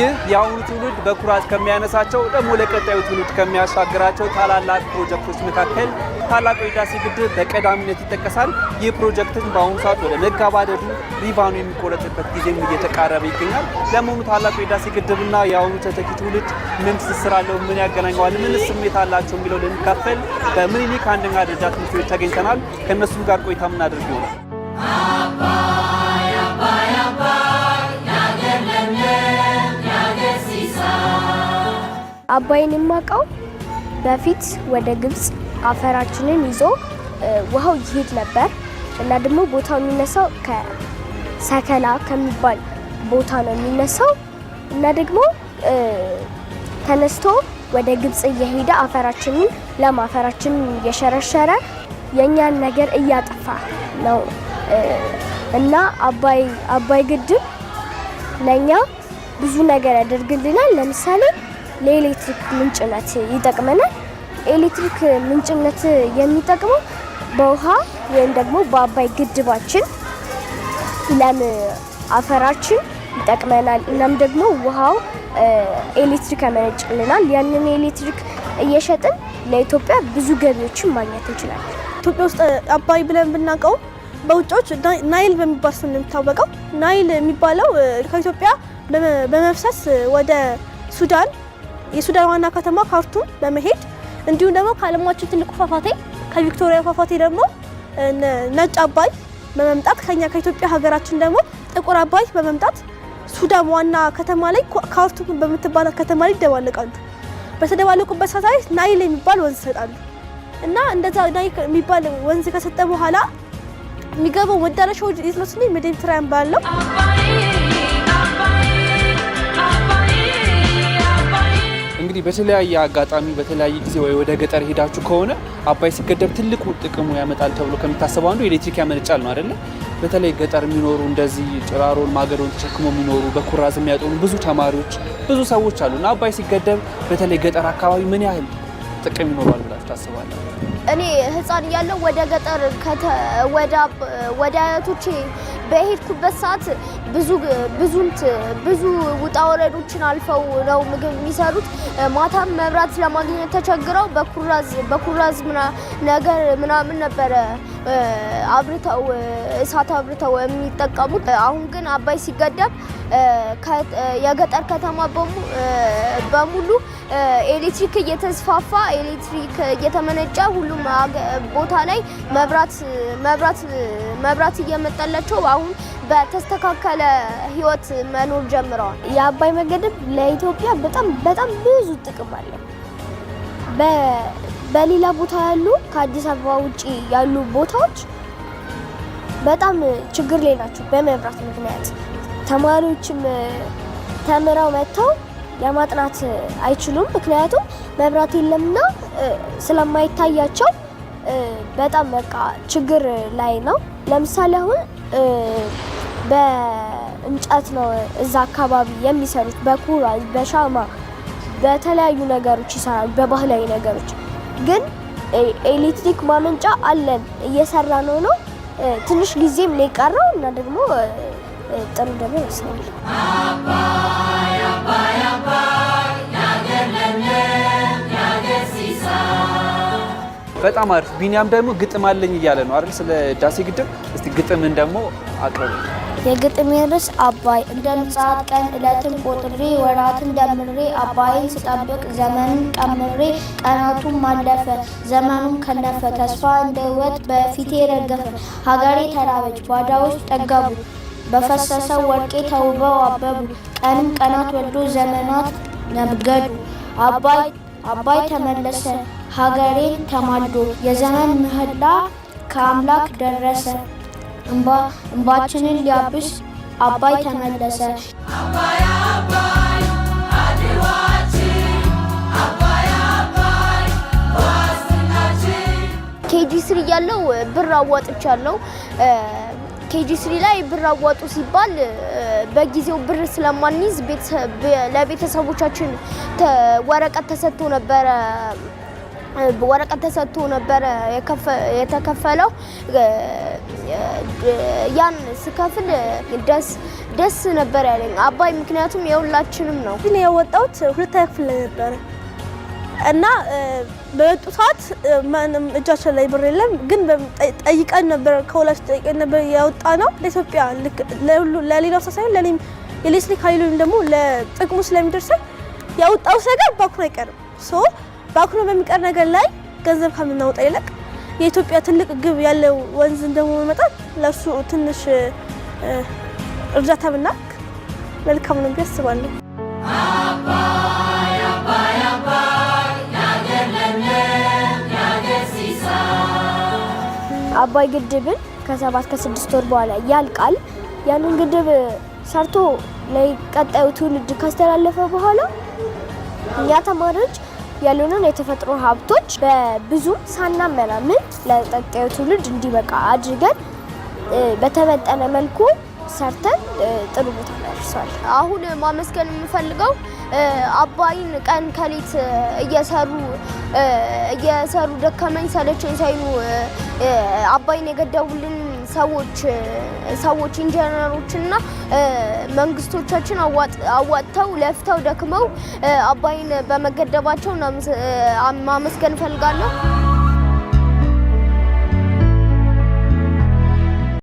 ይህ የአሁኑ ትውልድ በኩራት ከሚያነሳቸው ደግሞ ለቀጣዩ ትውልድ ከሚያሻግራቸው ታላላቅ ፕሮጀክቶች መካከል ታላቁ የህዳሴ ግድብ በቀዳሚነት ይጠቀሳል። ይህ ፕሮጀክትን በአሁኑ ሰዓት ወደ መጋባደዱ ሪቫኑ የሚቆረጥበት ጊዜም እየተቃረበ ይገኛል። ለመሆኑ ታላቁ የህዳሴ ግድብና የአሁኑ ተተኪ ትውልድ ምን ትስስር አለው? ምን ያገናኘዋል? ምን ስሜት አላቸው? የሚለው ልንካፈል በምኒልክ አንደኛ ደረጃ ትምህርት ቤት ተገኝተናል። ከእነሱም ጋር ቆይታ ምናደርግ ይሆናል። አባይን የማውቀው በፊት ወደ ግብጽ አፈራችንን ይዞ ውሃው ይሄድ ነበር እና ደግሞ ቦታው የሚነሳው ከሰከላ ከሚባል ቦታ ነው የሚነሳው እና ደግሞ ተነስቶ ወደ ግብጽ እየሄደ አፈራችንን ለም እየሸረሸረ የእኛን ነገር እያጠፋ ነው እና አባይ አባይ ግድብ ለእኛ ብዙ ነገር ያደርግልናል። ለምሳሌ ለኤሌክትሪክ ምንጭነት ይጠቅመናል። ኤሌክትሪክ ምንጭነት የሚጠቅመው በውሃ ወይም ደግሞ በአባይ ግድባችን ለም አፈራችን ይጠቅመናል። እናም ደግሞ ውሃው ኤሌክትሪክ ያመነጭልናል። ያንን ኤሌክትሪክ እየሸጥን ለኢትዮጵያ ብዙ ገቢዎችን ማግኘት እንችላለን። ኢትዮጵያ ውስጥ አባይ ብለን ብናውቀው በውጮች ናይል በሚባል ስም የሚታወቀው ናይል የሚባለው ከኢትዮጵያ በመፍሰስ ወደ ሱዳን የሱዳን ዋና ከተማ ካርቱም በመሄድ እንዲሁም ደግሞ ከዓለማችን ትልቁ ፏፏቴ ከቪክቶሪያ ፏፏቴ ደግሞ ነጭ አባይ በመምጣት ከኛ ከኢትዮጵያ ሀገራችን ደግሞ ጥቁር አባይ በመምጣት ሱዳን ዋና ከተማ ላይ ካርቱም በምትባላት ከተማ ላይ ይደባለቃሉ። በተደባለቁበት ሰዓት ላይ ናይል የሚባል ወንዝ ይሰጣሉ እና እንደዛ ናይል የሚባል ወንዝ ከሰጠ በኋላ የሚገባው መዳረሻው የት ነው ስንል ሜዲትራኒያን ባለው እንግዲህ በተለያየ አጋጣሚ በተለያየ ጊዜ ወይ ወደ ገጠር ሄዳችሁ ከሆነ አባይ ሲገደብ ትልቁ ጥቅሙ ያመጣል ተብሎ ከሚታሰበው አንዱ ኤሌክትሪክ ያመነጫል ነው አይደለ? በተለይ ገጠር የሚኖሩ እንደዚህ ጭራሮን ማገዶን ተሸክሞ የሚኖሩ በኩራዝ የሚያጠኑ ብዙ ተማሪዎች፣ ብዙ ሰዎች አሉ እና አባይ ሲገደብ በተለይ ገጠር አካባቢ ምን ያህል ጥቅም ይኖረዋል ብላችሁ ታስባለህ? እኔ ህፃን እያለሁ ወደ ገጠር ወደ አያቶቼ በሄድኩበት ሰዓት ብዙ ብዙ ውጣ ወረዶችን አልፈው ነው ምግብ የሚሰሩት። ማታም መብራት ለማግኘት ተቸግረው በኩራዝ በኩራዝ ነገር ምናምን ነበረ አብርተው እሳት አብርተው የሚጠቀሙት። አሁን ግን አባይ ሲገደብ የገጠር ከተማ በሙሉ ኤሌክትሪክ እየተስፋፋ ኤሌክትሪክ እየተመነጨ ሁሉም ቦታ ላይ መብራት መብራት መብራት እየመጣላቸው አሁን በተስተካከለ ህይወት መኖር ጀምረዋል። የአባይ መገደብ ለኢትዮጵያ በጣም በጣም ብዙ ጥቅም አለው። በሌላ ቦታ ያሉ ከአዲስ አበባ ውጭ ያሉ ቦታዎች በጣም ችግር ላይ ናቸው። በመብራት ምክንያት ተማሪዎችም ተምረው መጥተው ለማጥናት አይችሉም። ምክንያቱም መብራት የለምና ስለማይታያቸው በጣም በቃ ችግር ላይ ነው። ለምሳሌ አሁን በእንጨት ነው እዛ አካባቢ የሚሰሩት፣ በኩራዝ፣ በሻማ፣ በተለያዩ ነገሮች ይሰራሉ፣ በባህላዊ ነገሮች ግን ኤሌክትሪክ ማመንጫ አለን፣ እየሰራ ነው ነው ትንሽ ጊዜም ነው የቀረው እና ደግሞ ጥሩ ደግሞ ይመስላል። በጣም አሪፍ። ቢኒያም ደግሞ ግጥም አለኝ እያለ ነው አይደል? ስለ ዳሴ ግድብ። እስቲ ግጥምን ደግሞ አቅርብ። የግጥሜ ርዕስ አባይ እንደ ምጽአት ቀን ዕለትን ቆጥሬ ወራትን ደምሬ አባይን ስጠብቅ ዘመንን ቀምሬ ቀናቱን አለፈ ዘመኑም ከነፈ ተስፋ እንደ ሕይወት በፊቴ ረገፈ። ሀገሬ ተራበች ባዳዎች ጠገቡ በፈሰሰው ወርቄ ተውበው አበቡ ቀንም ቀናት ወልዶ ዘመናት ነብገዱ አባይ አባይ ተመለሰ ሀገሬን ተማልዶ የዘመን ምህላ ከአምላክ ደረሰ። እንባችንን ሊያብስ አባይ ተመለሰ። ኬጂ ስሪ ያለው ብር አዋጥቻለሁ። ኬጂ ስሪ ላይ ብር አዋጡ ሲባል በጊዜው ብር ስለማንይዝ ለቤተሰቦቻችን ወረቀት ተሰጥቶ ነበረ ወረቀት ተሰጥቶ ነበረ የተከፈለው ያን ስከፍል ደስ ደስ ነበር ያለኝ አባይ፣ ምክንያቱም የሁላችንም ነው። ግን የወጣሁት ሁለተኛ ክፍል ላይ ነበረ እና በወጡ ሰዓት ማንም እጃቸው ላይ ብር የለም። ግን ጠይቀን ነበር፣ ከሁላችን ጠይቀን ነበር ያወጣ ነው ለኢትዮጵያ ለሌላው ሰው ሳይሆን ለእኔም የሌስሊ ኃይሉም ደግሞ ለጥቅሙ ስለሚደርሰን ያወጣው ነገር ባኩኖ አይቀርም። ሶ ባኩኖ በሚቀር ነገር ላይ ገንዘብ ከምናወጣ ይለቅ የኢትዮጵያ ትልቅ ግብ ያለው ወንዝ እንደመሆኑ መጠን ለእሱ ትንሽ እርዳታ ብናክ መልካም ነው ብዬ አስባለሁ። አባይ ግድብን ከሰባት ከስድስት ወር በኋላ ያልቃል። ያንን ግድብ ሰርቶ ለቀጣዩ ትውልድ ካስተላለፈ በኋላ እኛ ተማሪዎች ያሉንን የተፈጥሮ ሀብቶች በብዙ ሳናመናምን ለቀጣዩ ትውልድ እንዲበቃ አድርገን በተመጠነ መልኩ ሰርተን ጥሩ ቦታ ደርሷል። አሁን ማመስገን የምፈልገው አባይን ቀን ከሌት እየሰሩ እየሰሩ ደከመኝ ሰለቸኝ ሳይሉ አባይን የገደቡልን ሰዎች ሰዎች ኢንጂነሮችና መንግስቶቻችን አዋጥተው ለፍተው ደክመው አባይን በመገደባቸው ማመስገን እፈልጋለሁ።